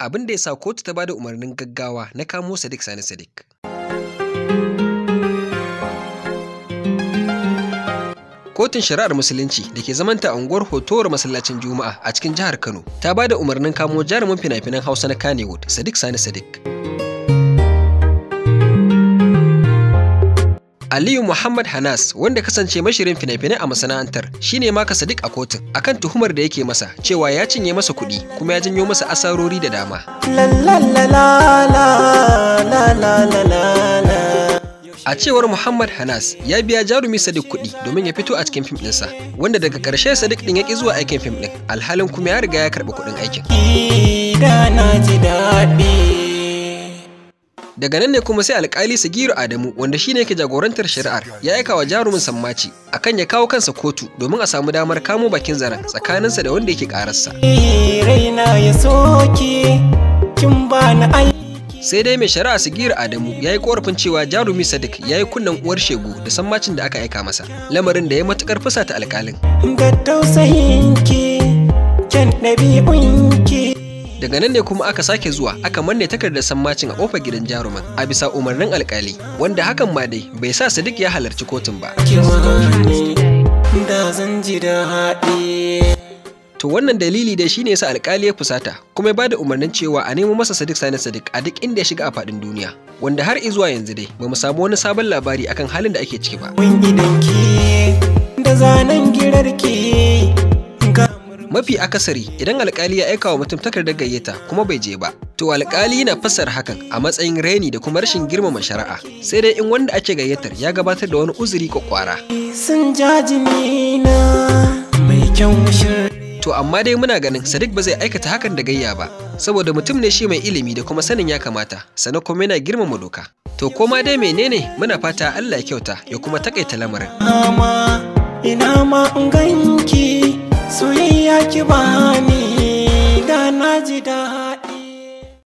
abin da ya sa kotu ta bada umarnin gaggawa na kamo Sadiq Sani Sadiq. Kotun Shari'ar Musulunci da ke zamanta a unguwar Hotowar Masallacin Juma'a a cikin jihar Kano ta bada umarnin kamo jarumin fina-finan Hausa na Kannywood, Sadiq Sani Sadiq. Aliyu Muhammad Hanas wanda kasance mashirin fina-finai a masana'antar shine maka Sadiq a kotun akan tuhumar da yake masa cewa ya cinye masa kuɗi kuma ya janyo masa asarori da dama. A cewar Muhammad Hanas ya biya jarumi Sadiq kuɗi domin ya fito a cikin fim ɗinsa, wanda daga ƙarshe Sadiq ɗin ya ƙi zuwa aikin fim ɗin, alhalin kuma ya riga ya karɓi kuɗin aikin. daga nan ne kuma sai alkali sagiru adamu wanda shine ne jagorantar shari'ar ya aika wa jarumin sammaci akan ya kawo kansa kotu domin a samu damar kamo bakin zaren tsakaninsa da wanda yake kararsa sai dai mai shari'a Sigiru adamu ya yi korafin cewa jarumi sadik ya yi kunnen uwar shegu da sammacin da aka aika masa lamarin da ya matukar fusata alkalin daga nan ne kuma aka sake zuwa aka manne takardar sammacin a kofar gidan jaruman a bisa umarnin alkali wanda hakan ma dai bai sa sadiq ya halarci kotun ba to wannan dalili da shine sa alkali ya fusata kuma ya ba da umarnin cewa a nemo masa Sadiq Sani Sadiq a duk inda ya shiga a fadin duniya wanda har zuwa yanzu dai bamu samu wani sabon labari akan halin da ake ciki ba mun da zanen girarki mafi akasari idan alkali ya aika wa mutum takardar gayyata kuma bai je ba to alkali na fasar hakan a matsayin raini da kuma rashin girmama shari'a sai dai in wanda ake gayyatar ya gabatar da wani uzuri ko sun mai kwakwara to amma dai muna ganin sadiq ba zai aikata hakan da gayya ba saboda mutum ne shi mai ilimi da kuma sanin ya kamata sannan kuma yana girmama doka to koma dai menene muna fata allah ya kyauta ya kuma takaita lamarin ina ma in ganki soyayya ki bani da na